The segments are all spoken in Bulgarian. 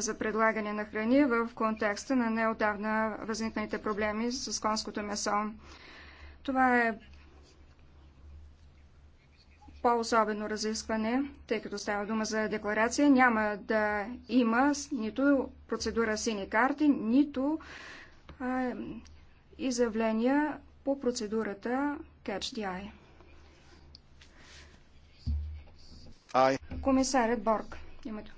за предлагане на храни в контекста на неодавна възникналите проблеми с конското месо. Това е по-особено разискване, тъй като става дума за декларация, няма да има нито процедура сини карти, нито а, изявления по процедурата Catch the Eye. Комисарят Борг. Името.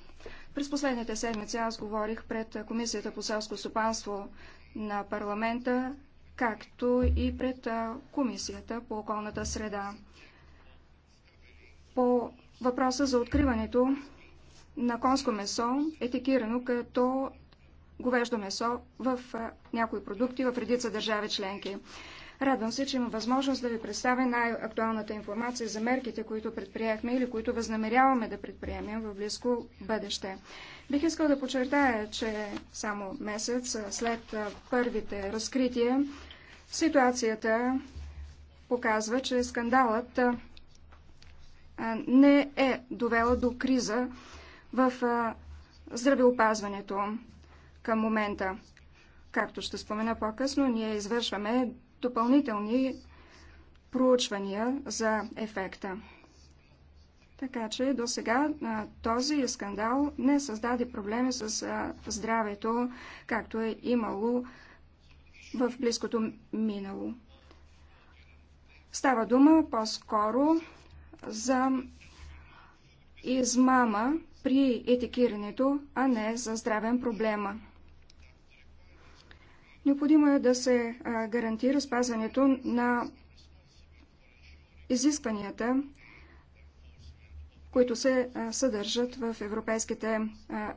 През последните седмици аз говорих пред Комисията по селско стопанство на парламента, както и пред Комисията по околната среда. По въпроса за откриването на конско месо, етикирано като говеждо месо в някои продукти в редица държави членки. Радвам се, че има възможност да ви представя най-актуалната информация за мерките, които предприехме или които възнамеряваме да предприемем в близко бъдеще. Бих искал да подчертая, че само месец след първите разкрития ситуацията показва, че скандалът не е довела до криза в здравеопазването към момента. Както ще спомена по-късно, ние извършваме допълнителни проучвания за ефекта. Така че до сега този скандал не създаде проблеми с здравето, както е имало в близкото минало. Става дума по-скоро за измама при етикирането, а не за здравен проблема. Необходимо е да се гарантира спазването на изискванията, които се съдържат в европейските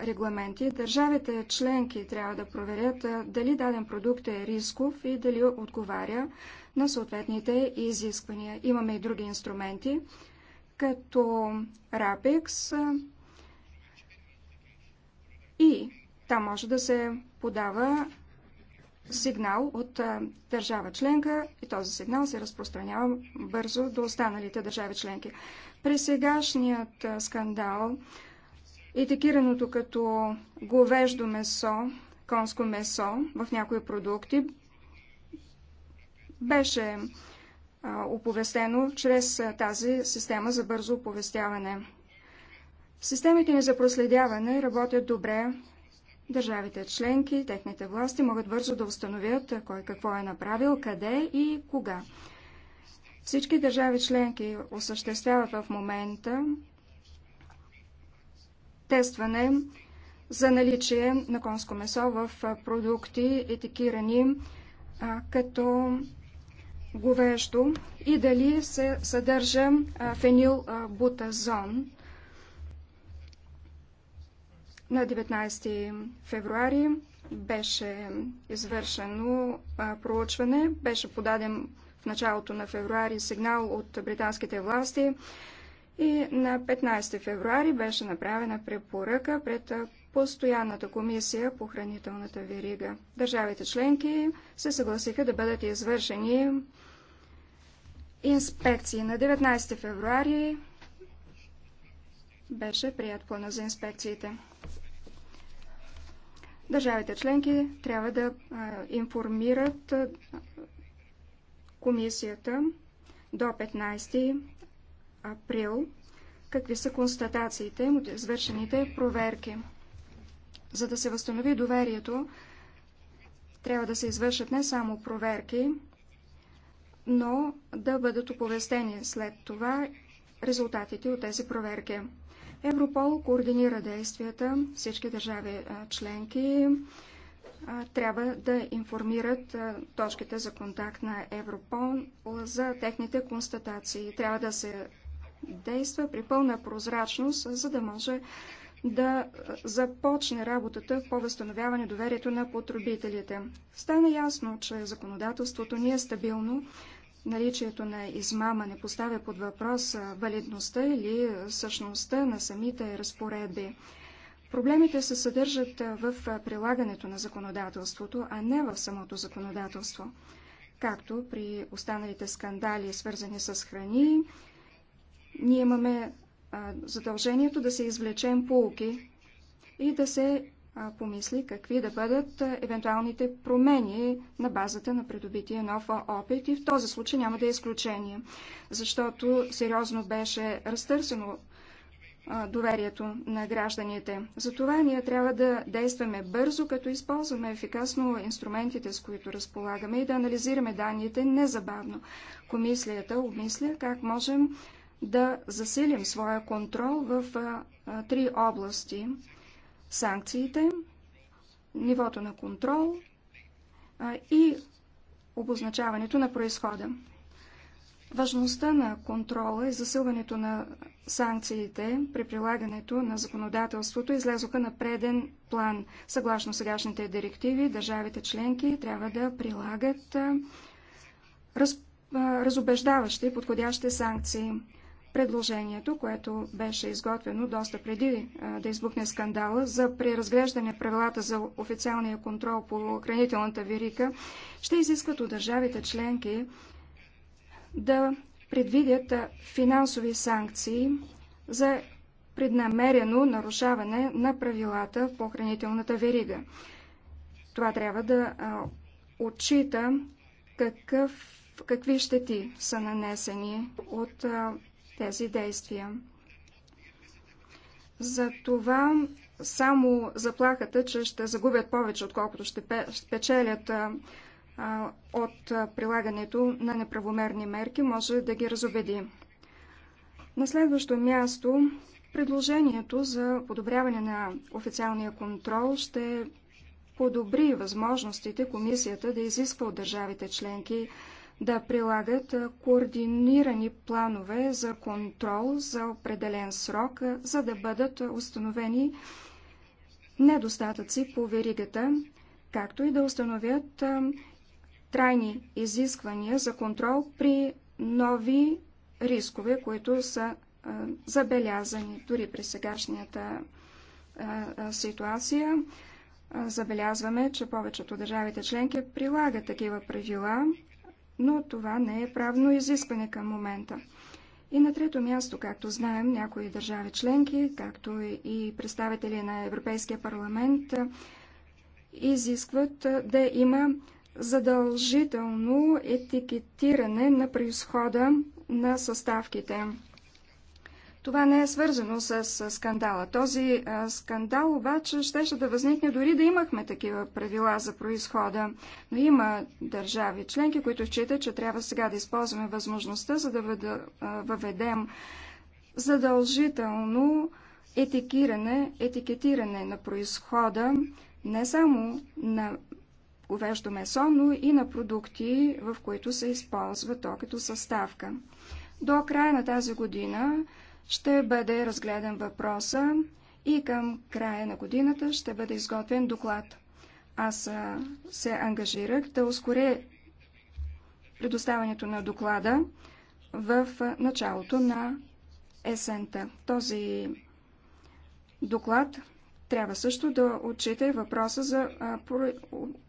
регламенти. Държавите членки трябва да проверят дали даден продукт е рисков и дали отговаря на съответните изисквания. Имаме и други инструменти, като RAPEX и там може да се подава сигнал от а, държава членка и този сигнал се разпространява бързо до останалите държави членки. При сегашният а, скандал, етикираното като говеждо месо, конско месо в някои продукти, беше а, оповестено чрез тази система за бързо оповестяване. Системите ни за проследяване работят добре Държавите членки, техните власти могат бързо да установят кой какво е направил, къде и кога. Всички държави членки осъществяват в момента тестване за наличие на конско месо в продукти, етикирани а, като говещо и дали се съдържа фенилбутазон на 19 февруари беше извършено проучване, беше подаден в началото на февруари сигнал от британските власти и на 15 февруари беше направена препоръка пред Постоянната комисия по хранителната верига. Държавите членки се съгласиха да бъдат извършени инспекции. На 19 февруари беше прият плана за инспекциите. Държавите членки трябва да информират комисията до 15 април какви са констатациите от извършените проверки. За да се възстанови доверието, трябва да се извършат не само проверки, но да бъдат оповестени след това резултатите от тези проверки. Европол координира действията. Всички държави членки трябва да информират точките за контакт на Европол за техните констатации. Трябва да се действа при пълна прозрачност, за да може да започне работата по възстановяване доверието на потребителите. Стана ясно, че законодателството ни е стабилно, наличието на измама не поставя под въпрос валидността или същността на самите разпоредби. Проблемите се съдържат в прилагането на законодателството, а не в самото законодателство. Както при останалите скандали, свързани с храни, ние имаме задължението да се извлечем полки и да се помисли какви да бъдат евентуалните промени на базата на придобития нов опит и в този случай няма да е изключение, защото сериозно беше разтърсено доверието на гражданите. Затова ние трябва да действаме бързо, като използваме ефикасно инструментите, с които разполагаме и да анализираме данните незабавно. Комисията обмисля как можем да засилим своя контрол в три области санкциите, нивото на контрол и обозначаването на происхода. Важността на контрола и засилването на санкциите при прилагането на законодателството излезоха на преден план. Съгласно сегашните директиви, държавите членки трябва да прилагат раз... разобеждаващи подходящи санкции предложението, което беше изготвено доста преди да избухне скандала за преразглеждане правилата за официалния контрол по хранителната верика, ще изискват от държавите членки да предвидят финансови санкции за преднамерено нарушаване на правилата по хранителната верига. Това трябва да отчита какъв, какви щети са нанесени от тези действия. За това само заплахата, че ще загубят повече, отколкото ще печелят от прилагането на неправомерни мерки, може да ги разобеди. На следващо място, предложението за подобряване на официалния контрол ще подобри възможностите комисията да изисква от държавите членки да прилагат координирани планове за контрол за определен срок, за да бъдат установени недостатъци по веригата, както и да установят трайни изисквания за контрол при нови рискове, които са забелязани дори при сегашната ситуация. Забелязваме, че повечето държавите членки прилагат такива правила но това не е правно изискване към момента. И на трето място, както знаем, някои държави членки, както и представители на Европейския парламент, изискват да има задължително етикетиране на происхода на съставките. Това не е свързано с скандала. Този скандал обаче щеше да възникне дори да имахме такива правила за происхода. Но има държави членки, които считат, че трябва сега да използваме възможността, за да въведем задължително етикиране, етикетиране на происхода не само на говеждо месо, но и на продукти, в които се използва то като съставка. До края на тази година ще бъде разгледан въпроса и към края на годината ще бъде изготвен доклад. Аз се ангажирах да ускоря предоставянето на доклада в началото на есента. Този доклад трябва също да отчита и въпроса за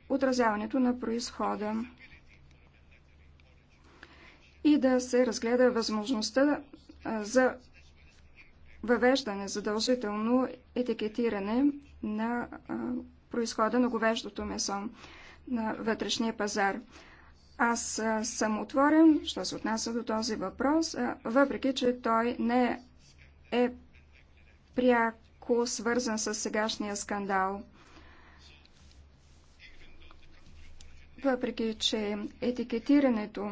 отразяването на происхода и да се разгледа възможността за въвеждане задължително етикетиране на а, происхода на говеждото месо на вътрешния пазар. Аз а, съм отворен, що се отнася до този въпрос, а, въпреки че той не е пряко свързан с сегашния скандал. Въпреки че етикетирането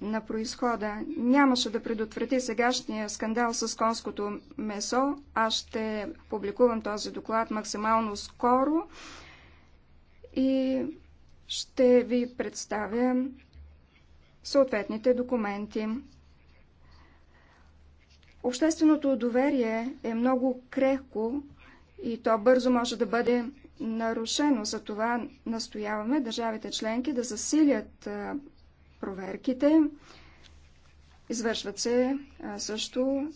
на происхода нямаше да предотврати сегашния скандал с конското месо. Аз ще публикувам този доклад максимално скоро и ще ви представя съответните документи. Общественото доверие е много крехко и то бързо може да бъде нарушено. Затова настояваме държавите членки да засилят проверките. Извършват се също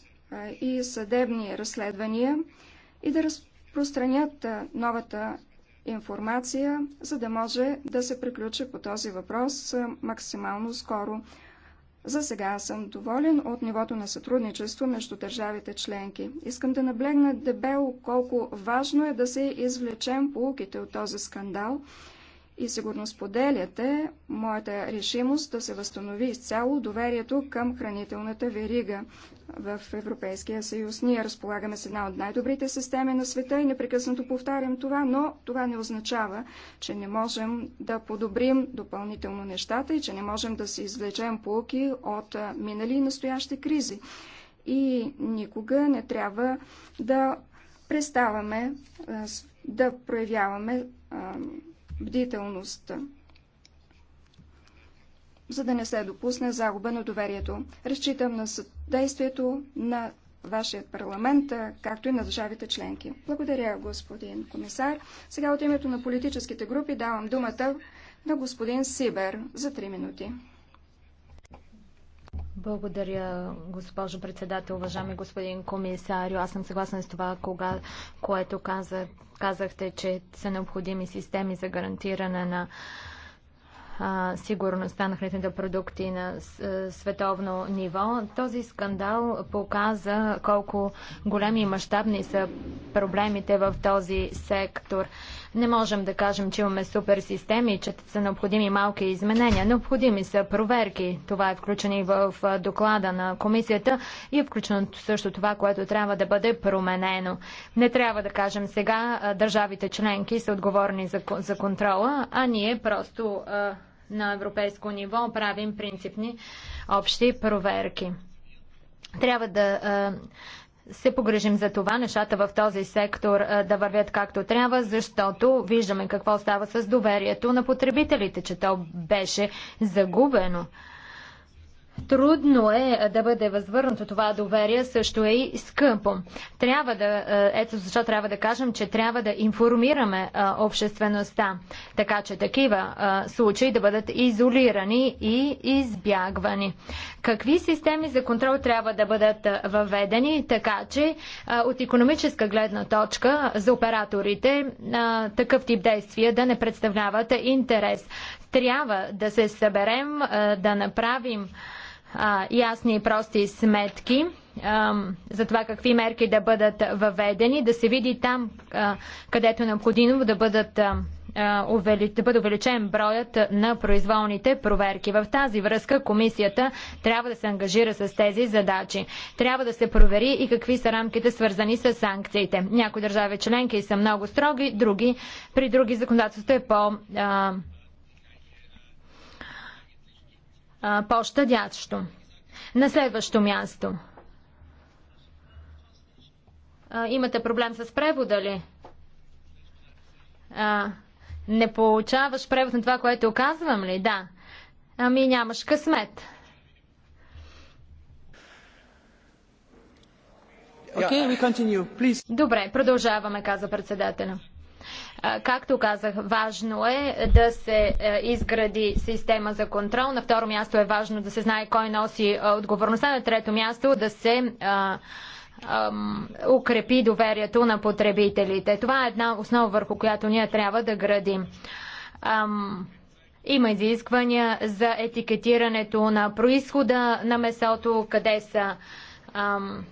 и съдебни разследвания и да разпространят новата информация, за да може да се приключи по този въпрос максимално скоро. За сега съм доволен от нивото на сътрудничество между държавите членки. Искам да наблегна дебело колко важно е да се извлечем полуките от този скандал и сигурно споделяте моята решимост да се възстанови изцяло доверието към хранителната верига в Европейския съюз. Ние разполагаме с една от най-добрите системи на света и непрекъснато повтарям това, но това не означава, че не можем да подобрим допълнително нещата и че не можем да се извлечем полки от минали и настоящи кризи. И никога не трябва да преставаме да проявяваме бдителност, за да не се допусне загуба на доверието. Разчитам на съдействието на вашият парламент, както и на държавите членки. Благодаря, господин комисар. Сега от името на политическите групи давам думата на господин Сибер за 3 минути. Благодаря, госпожо председател, уважаеми господин комисар, Аз съм съгласна с това, кога, което каза, казахте, че са необходими системи за гарантиране на сигурността на хранителните продукти на световно ниво. Този скандал показа колко големи и мащабни са проблемите в този сектор. Не можем да кажем, че имаме супер системи, че са необходими малки изменения. Необходими са проверки. Това е включено и в доклада на комисията и е включено също това, което трябва да бъде променено. Не трябва да кажем сега държавите членки са отговорни за, за контрола, а ние просто на европейско ниво правим принципни общи проверки. Трябва да се погрежим за това, нещата в този сектор да вървят както трябва, защото виждаме какво става с доверието на потребителите, че то беше загубено. Трудно е да бъде възвърнато това доверие, също е и скъпо. Трябва да, ето защо трябва да кажем, че трябва да информираме обществеността, така че такива случаи да бъдат изолирани и избягвани. Какви системи за контрол трябва да бъдат въведени, така че от економическа гледна точка за операторите такъв тип действия да не представляват интерес? Трябва да се съберем, да направим а, ясни и прости сметки а, за това какви мерки да бъдат въведени, да се види там, а, където е необходимо да бъдат да бъде увеличен броят на произволните проверки. В тази връзка комисията трябва да се ангажира с тези задачи. Трябва да се провери и какви са рамките свързани с санкциите. Някои държави членки са много строги, други при други законодателството е по- по-щадящо. На следващо място. А, имате проблем с превода ли? А, не получаваш превод на това, което казвам ли? Да. Ами нямаш късмет. Okay, Добре, продължаваме, каза председателя. Както казах, важно е да се е, изгради система за контрол. На второ място е важно да се знае кой носи е, отговорността. На трето място да се е, укрепи доверието на потребителите. Това е една основа, върху която ние трябва да градим. Има изисквания за етикетирането на происхода на месото, къде са ам,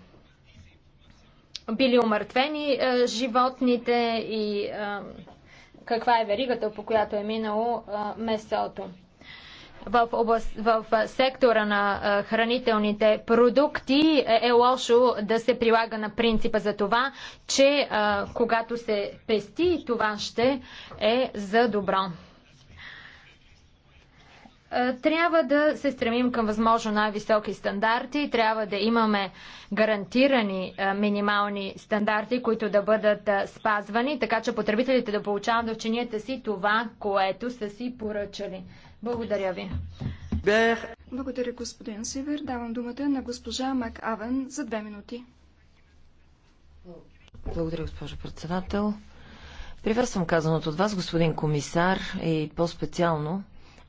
били умъртвени е, животните и е, каква е веригата, по която е минало е, месото. В, област, в е, сектора на е, хранителните продукти е, е, лошо да се прилага на принципа за това, че когато се пести, това ще е за добро. Е, трябва да се стремим към възможно най-високи стандарти, трябва да имаме гарантирани е, минимални стандарти, които да бъдат е, спазвани, така че потребителите да получават в чинията си това, което са си поръчали. Благодаря ви. Благодаря, господин Сивер. Давам думата на госпожа Мак Авен за две минути. Благодаря, госпожо председател. Приветствам казаното от вас, господин комисар, и по-специално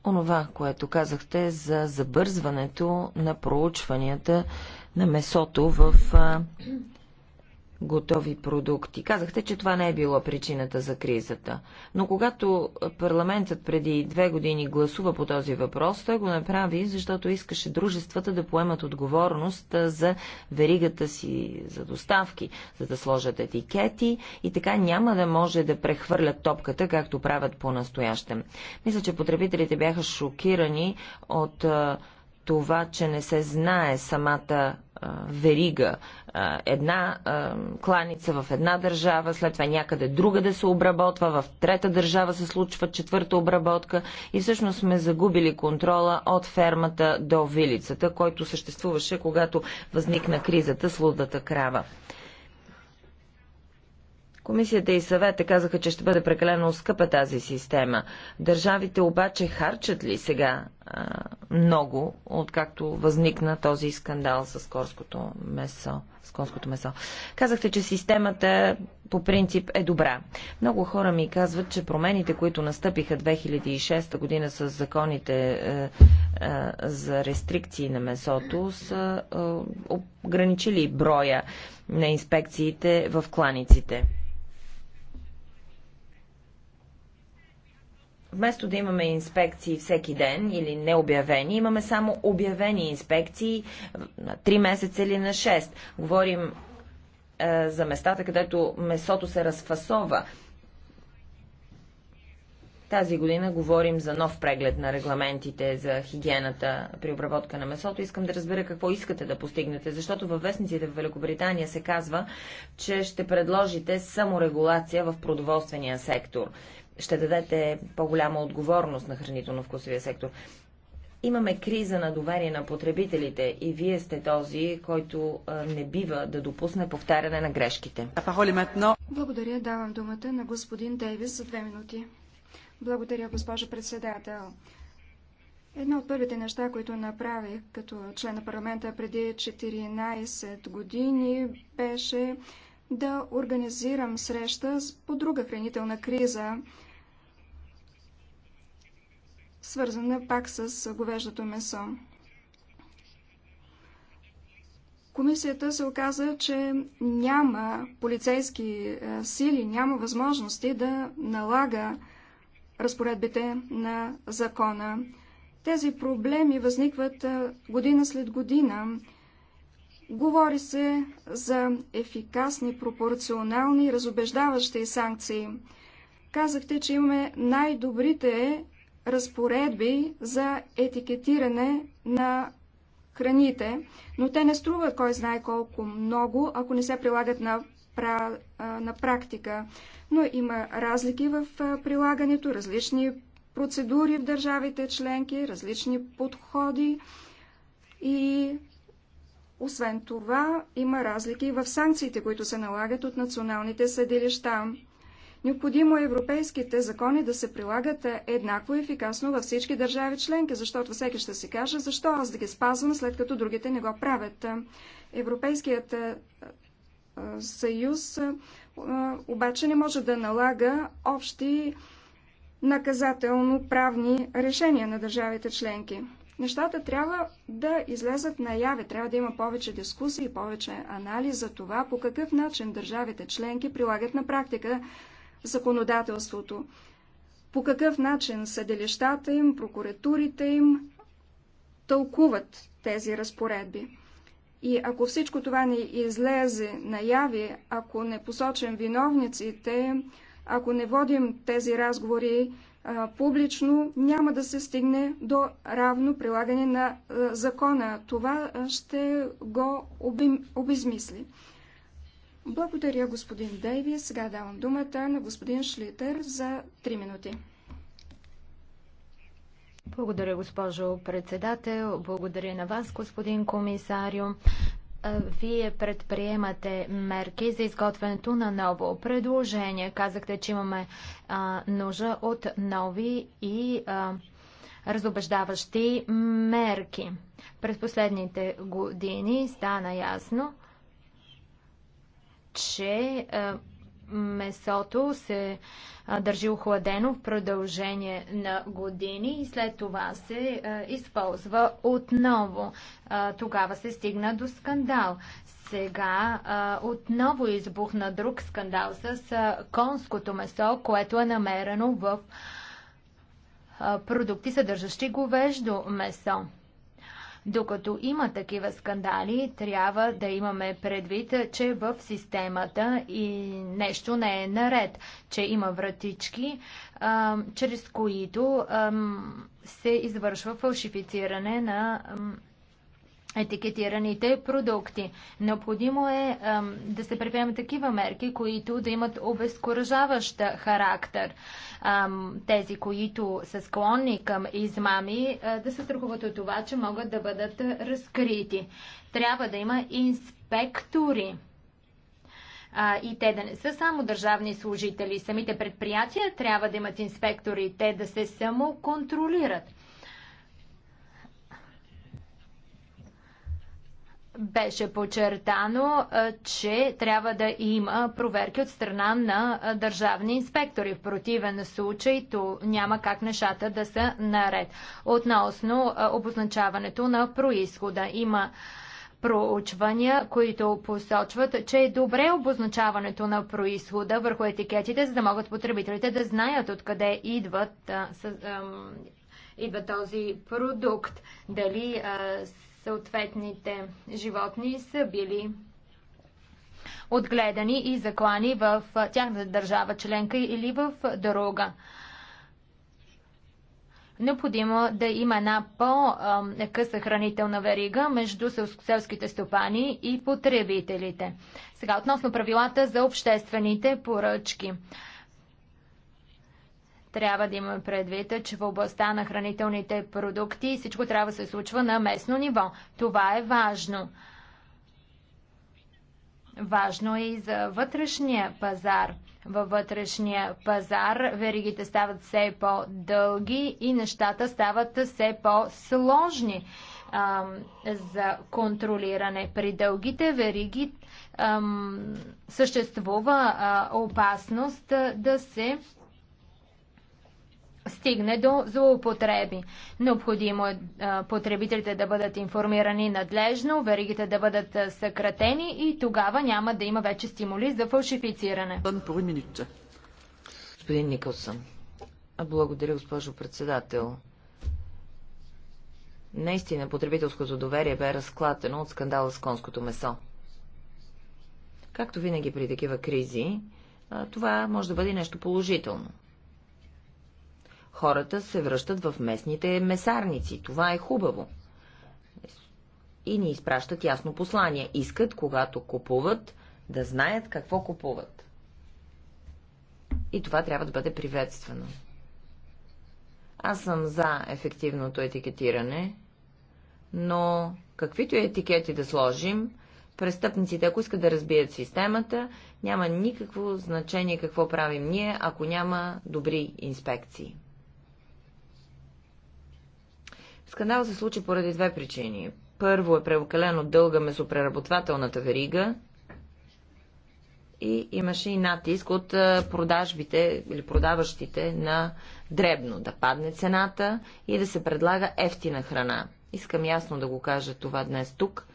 онова, което казахте за забързването на проучванията на месото в готови продукти. Казахте, че това не е било причината за кризата. Но когато парламентът преди две години гласува по този въпрос, той го направи, защото искаше дружествата да поемат отговорност за веригата си за доставки, за да сложат етикети и така няма да може да прехвърлят топката, както правят по-настоящем. Мисля, че потребителите бяха шокирани от това, че не се знае самата верига. Една кланица в една държава, след това някъде друга да се обработва, в трета държава се случва четвърта обработка и всъщност сме загубили контрола от фермата до вилицата, който съществуваше, когато възникна кризата с лудата крава. Комисията и съвета казаха, че ще бъде прекалено скъпа тази система. Държавите обаче харчат ли сега а, много, откакто възникна този скандал с конското месо? С конското месо. Казахте, че системата по принцип е добра. Много хора ми казват, че промените, които настъпиха 2006 година с законите е, е, за рестрикции на месото, са е, ограничили броя на инспекциите в кланиците. Вместо да имаме инспекции всеки ден или необявени, имаме само обявени инспекции на 3 месеца или на 6. Говорим е, за местата, където месото се разфасова. Тази година говорим за нов преглед на регламентите за хигиената при обработка на месото. Искам да разбера какво искате да постигнете, защото във вестниците в Великобритания се казва, че ще предложите саморегулация в продоволствения сектор ще дадете по-голяма отговорност на хранително-вкусовия сектор. Имаме криза на доверие на потребителите и вие сте този, който не бива да допусне повтаряне на грешките. Благодаря. Давам думата на господин Дейвис за две минути. Благодаря, госпожо председател. Едно от първите неща, които направих като член на парламента преди 14 години, беше да организирам среща по друга хранителна криза, свързана пак с говеждато месо. Комисията се оказа, че няма полицейски е, сили, няма възможности да налага разпоредбите на закона. Тези проблеми възникват е, година след година. Говори се за ефикасни, пропорционални, разобеждаващи санкции. Казахте, че имаме най-добрите разпоредби за етикетиране на храните, но те не струват кой знае колко много, ако не се прилагат на, пра, на практика. Но има разлики в прилагането, различни процедури в държавите членки, различни подходи и освен това, има разлики в санкциите, които се налагат от националните съдилища. Необходимо е европейските закони да се прилагат еднакво и ефикасно във всички държави членки, защото всеки ще си каже, защо аз да ги спазвам, след като другите не го правят. Европейският съюз обаче не може да налага общи наказателно-правни решения на държавите членки. Нещата трябва да излезат наяве, трябва да има повече дискусии, повече анализ за това по какъв начин държавите членки прилагат на практика законодателството, по какъв начин съделищата им, прокуратурите им тълкуват тези разпоредби. И ако всичко това не излезе наяви, ако не посочим виновниците, ако не водим тези разговори публично, няма да се стигне до равно прилагане на закона. Това ще го обезмисли. Благодаря, господин Дейви. Сега давам думата на господин Шлитер за 3 минути. Благодаря, госпожо председател. Благодаря на вас, господин комисарио вие предприемате мерки за изготвянето на ново предложение. Казахте, че имаме а, нужда от нови и а, разобеждаващи мерки. През последните години стана ясно, че а, месото се държи охладено в продължение на години и след това се използва отново. Тогава се стигна до скандал. Сега отново избухна друг скандал с конското месо, което е намерено в продукти, съдържащи говеждо месо. Докато има такива скандали, трябва да имаме предвид, че в системата и нещо не е наред, че има вратички, чрез които се извършва фалшифициране на етикетираните продукти. Необходимо е ем, да се предприемат такива мерки, които да имат обезкуражаващ характер. Ем, тези, които са склонни към измами, е, да се страхуват от това, че могат да бъдат разкрити. Трябва да има инспектори. А, и те да не са само държавни служители. Самите предприятия трябва да имат инспектори, те да се самоконтролират беше подчертано, че трябва да има проверки от страна на държавни инспектори. В противен случай то няма как нещата да са наред. Относно обозначаването на происхода има проучвания, които посочват, че е добре обозначаването на происхода върху етикетите, за да могат потребителите да знаят откъде идват, идва този продукт. Дали съответните животни са били отгледани и заклани в тяхната държава членка или в друга. Необходимо да има една по-къса хранителна верига между селските стопани и потребителите. Сега относно правилата за обществените поръчки. Трябва да имаме предвид, че в областта на хранителните продукти всичко трябва да се случва на местно ниво. Това е важно. Важно е и за вътрешния пазар. Във вътрешния пазар веригите стават все по-дълги и нещата стават все по-сложни за контролиране. При дългите вериги ам, съществува а, опасност да се стигне до злоупотреби. Необходимо е потребителите да бъдат информирани надлежно, веригите да бъдат съкратени и тогава няма да има вече стимули за фалшифициране. Господин Никълсън, благодаря, госпожо председател. Наистина, потребителското доверие бе разклатено от скандала с конското месо. Както винаги при такива кризи, това може да бъде нещо положително. Хората се връщат в местните месарници. Това е хубаво. И ни изпращат ясно послание. Искат, когато купуват, да знаят какво купуват. И това трябва да бъде приветствано. Аз съм за ефективното етикетиране, но каквито етикети да сложим, престъпниците, ако искат да разбият системата, няма никакво значение какво правим ние, ако няма добри инспекции. Скандал се случи поради две причини. Първо е превокалено дълга месопреработвателната верига и имаше и натиск от продажбите или продаващите на дребно да падне цената и да се предлага ефтина храна. Искам ясно да го кажа това днес тук.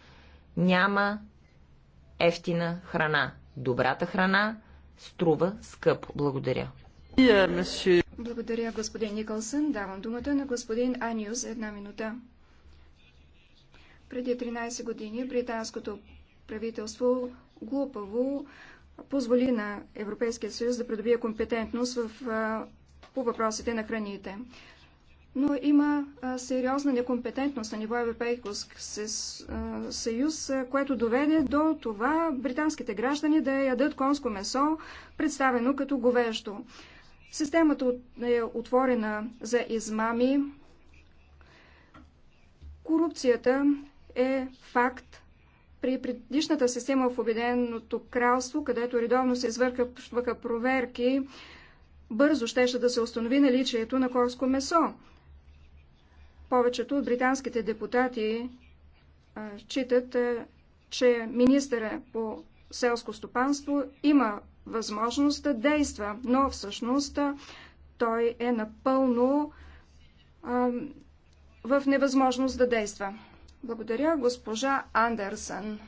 Няма ефтина храна. Добрата храна струва скъпо. Благодаря. Е, благодаря, господин Никълсън. Давам думата на господин Аниус една минута. Преди 13 години британското правителство глупаво позволи на Европейския съюз да придобие компетентност в, по въпросите на храните. Но има сериозна некомпетентност на ниво Европейски съюз, което доведе до това британските граждани да ядат конско месо, представено като говещо. Системата е отворена за измами. Корупцията е факт. При предишната система в Обединеното кралство, където редовно се извършваха проверки, бързо щеше да се установи наличието на корско месо. Повечето от британските депутати а, читат, а, че министъра по селско стопанство има възможност да действа, но всъщност той е напълно а, в невъзможност да действа. Благодаря, госпожа Андерсън.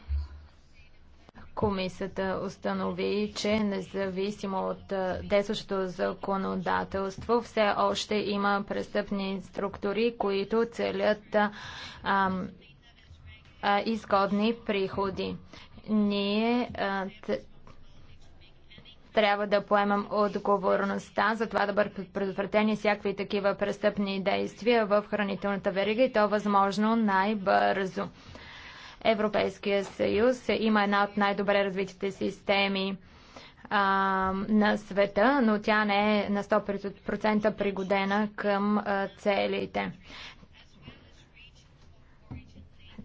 Комисията установи, че независимо от действащото законодателство, все още има престъпни структури, които целят а, а, изгодни приходи ние трябва да поемам отговорността за това да бъдат предотвратени всякакви такива престъпни действия в хранителната верига и то възможно най-бързо. Европейския съюз има една от най-добре развитите системи а, на света, но тя не е на 100% пригодена към а, целите.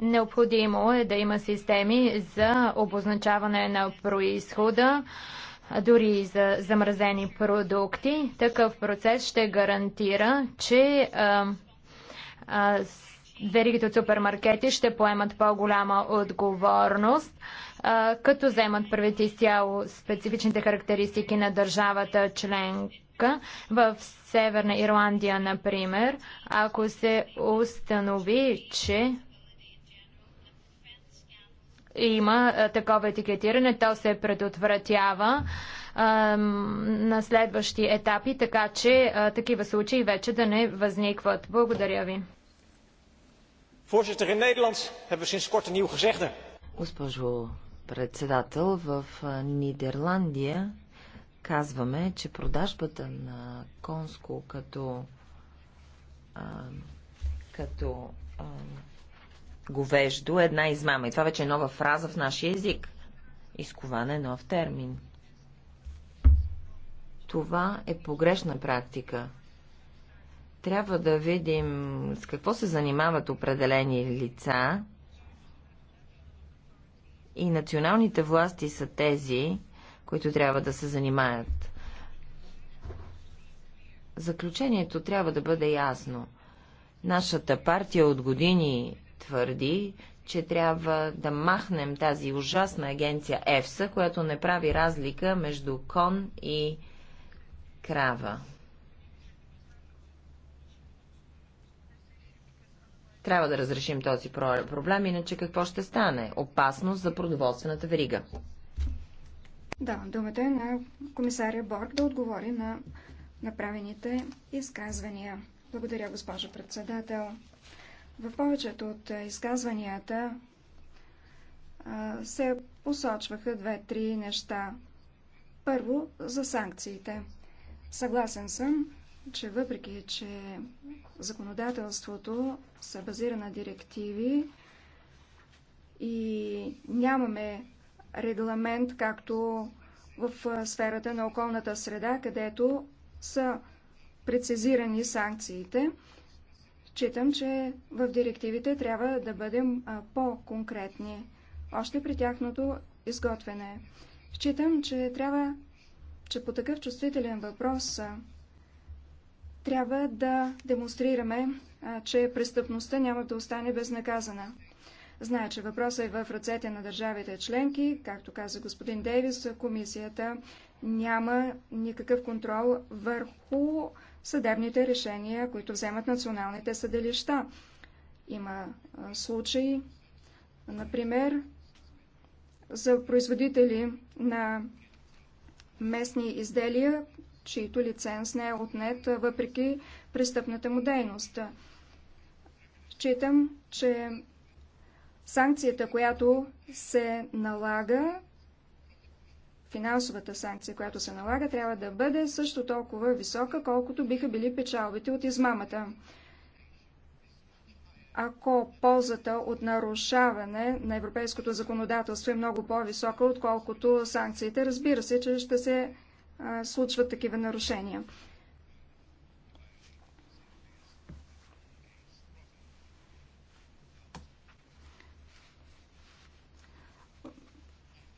Необходимо е да има системи за обозначаване на происхода, дори и за замразени продукти. Такъв процес ще гарантира, че веригите от супермаркети ще поемат по-голяма отговорност, като вземат предвид изцяло специфичните характеристики на държавата членка. В Северна Ирландия, например, ако се установи, че има е, такова етикетиране, то се предотвратява на следващи етапи, така че е, такива случаи вече да не възникват. Благодаря ви. Госпожо председател, в е, Нидерландия казваме, че продажбата на конско като, а, като а, говеждо една измама. И това вече е нова фраза в нашия език. Изкован е нов термин. Това е погрешна практика. Трябва да видим с какво се занимават определени лица. И националните власти са тези, които трябва да се занимаят. Заключението трябва да бъде ясно. Нашата партия от години твърди, че трябва да махнем тази ужасна агенция ЕФСА, която не прави разлика между кон и крава. Трябва да разрешим този проблем, иначе какво ще стане? Опасност за продоволствената верига. Да, думата е на комисаря Борг да отговори на направените изказвания. Благодаря, госпожо председател. В повечето от изказванията се посочваха две-три неща. Първо, за санкциите. Съгласен съм, че въпреки, че законодателството се базира на директиви и нямаме регламент, както в сферата на околната среда, където са прецизирани санкциите, Читам, че в директивите трябва да бъдем по-конкретни, още при тяхното изготвяне. Считам, че трябва, че по такъв чувствителен въпрос трябва да демонстрираме, че престъпността няма да остане безнаказана. Знае, че въпросът е в ръцете на държавите членки. Както каза господин Дейвис, комисията няма никакъв контрол върху съдебните решения, които вземат националните съдилища. Има случаи, например, за производители на местни изделия, чието лиценз не е отнет въпреки престъпната му дейност. Считам, че санкцията, която се налага, финансовата санкция, която се налага, трябва да бъде също толкова висока, колкото биха били печалбите от измамата. Ако ползата от нарушаване на европейското законодателство е много по-висока, отколкото санкциите, разбира се, че ще се а, случват такива нарушения.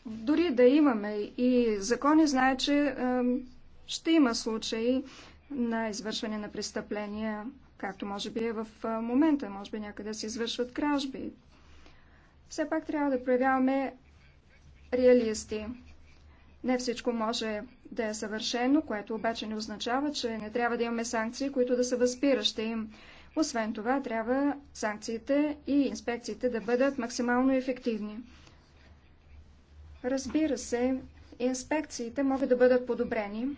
Дори да имаме и закони, знае, че ще има случаи на извършване на престъпления, както може би е в момента, може би някъде се извършват кражби. Все пак трябва да проявяваме реалисти. Не всичко може да е съвършено, което обаче не означава, че не трябва да имаме санкции, които да са възпиращи им. Освен това, трябва санкциите и инспекциите да бъдат максимално ефективни. Разбира се, инспекциите могат да бъдат подобрени.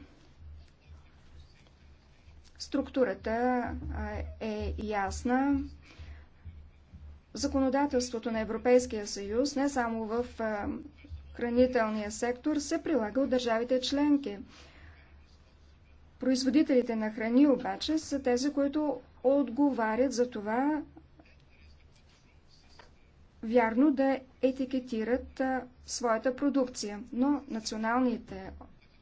Структурата е ясна. Законодателството на Европейския съюз, не само в хранителния сектор, се прилага от държавите членки. Производителите на храни обаче са тези, които отговарят за това вярно да етикетират а, своята продукция, но националните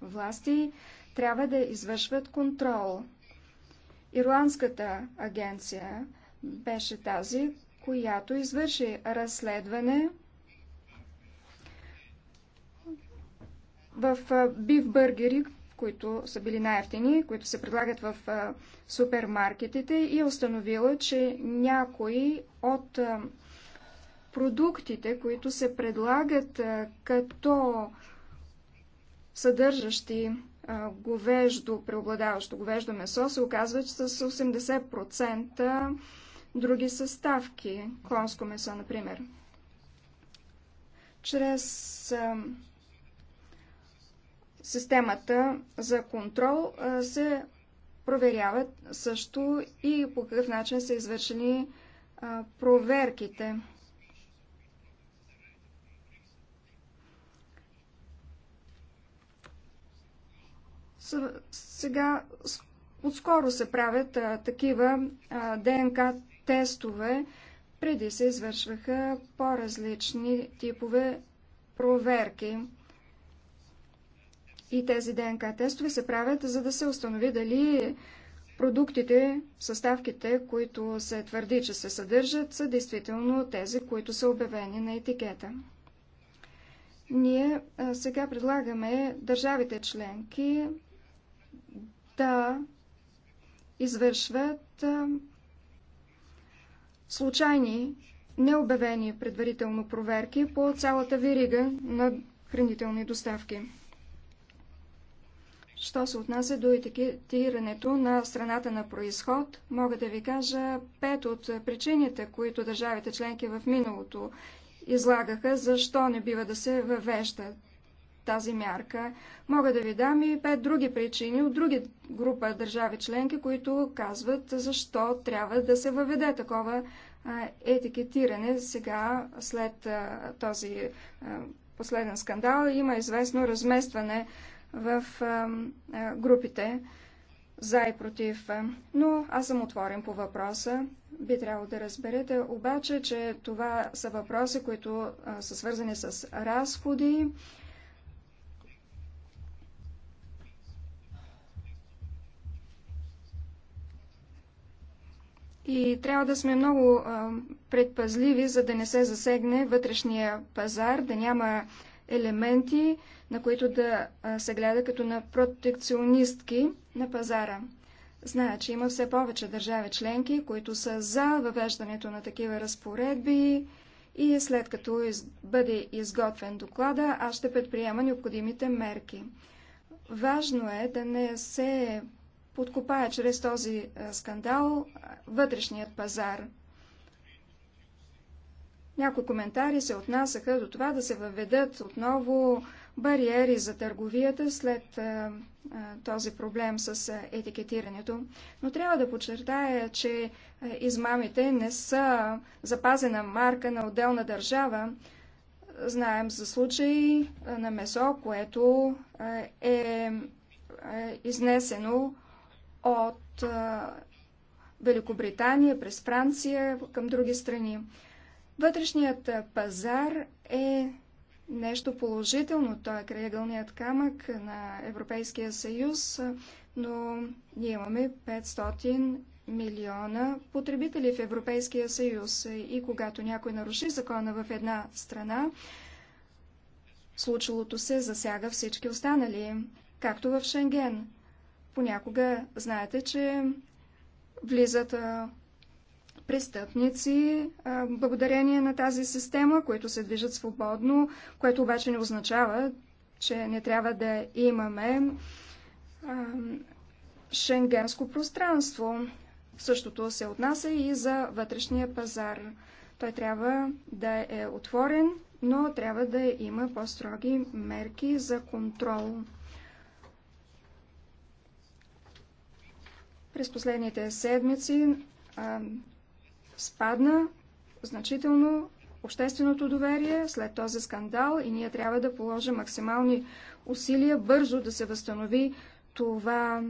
власти трябва да извършват контрол. Ирландската агенция беше тази, която извърши разследване в бив бъргери, които са били най-ефтини, които се предлагат в супермаркетите и е установила, че някои от продуктите, които се предлагат като съдържащи говеждо, преобладаващо говеждо месо, се оказва, че с 80% други съставки, конско месо, например. Чрез системата за контрол се проверяват също и по какъв начин са извършени проверките. Сега отскоро се правят а, такива а, ДНК тестове. Преди се извършваха по-различни типове проверки. И тези ДНК тестове се правят, за да се установи дали продуктите, съставките, които се твърди, че се съдържат, са действително тези, които са обявени на етикета. Ние сега предлагаме държавите членки да извършват случайни, необявени предварително проверки по цялата верига на хранителни доставки. Що се отнася до етикетирането на страната на происход, мога да ви кажа пет от причините, които държавите членки в миналото излагаха, защо не бива да се въвеждат тази мярка. Мога да ви дам и пет други причини от други група държави членки, които казват защо трябва да се въведе такова етикетиране сега след този последен скандал. Има известно разместване в групите за и против, но аз съм отворен по въпроса. Би трябвало да разберете обаче, че това са въпроси, които са свързани с разходи, И трябва да сме много предпазливи, за да не се засегне вътрешния пазар, да няма елементи, на които да се гледа като на протекционистки на пазара. Зная, че има все повече държави членки, които са за въвеждането на такива разпоредби и след като из... бъде изготвен доклада, аз ще предприема необходимите мерки. Важно е да не се Подкопая чрез този скандал вътрешният пазар. Някои коментари се отнасяха до това да се въведат отново бариери за търговията след а, този проблем с етикетирането. Но трябва да подчертая, че измамите не са запазена марка на отделна държава. Знаем за случаи на месо, което е изнесено от Великобритания през Франция към други страни. Вътрешният пазар е нещо положително. Той е крайъгълният камък на Европейския съюз, но ние имаме 500 милиона потребители в Европейския съюз. И когато някой наруши закона в една страна, случилото се засяга всички останали, както в Шенген. Понякога знаете, че влизат престъпници, благодарение на тази система, които се движат свободно, което обаче не означава, че не трябва да имаме шенгенско пространство. Същото се отнася и за вътрешния пазар. Той трябва да е отворен, но трябва да има по-строги мерки за контрол. През последните седмици а, спадна значително общественото доверие след този скандал и ние трябва да положим максимални усилия бързо да се възстанови това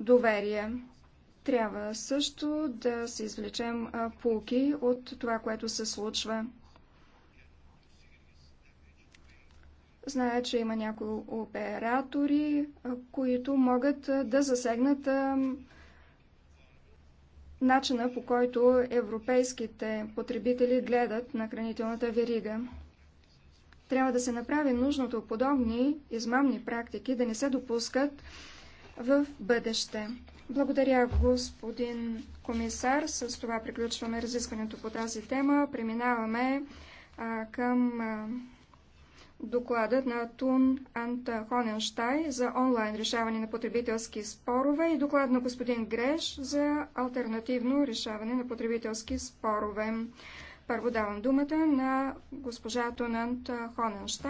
доверие. Трябва също да се извлечем полки от това, което се случва. Знаят, че има някои оператори, които могат да засегнат начина по който европейските потребители гледат на хранителната верига. Трябва да се направи нужното подобни измамни практики да не се допускат в бъдеще. Благодаря, господин комисар. С това приключваме разискването по тази тема. Преминаваме а, към. А, докладът на Тун Анта Хоненштай за онлайн решаване на потребителски спорове и доклад на господин Греш за альтернативно решаване на потребителски спорове. Първо давам думата на госпожа Тун Анта Хоненштай.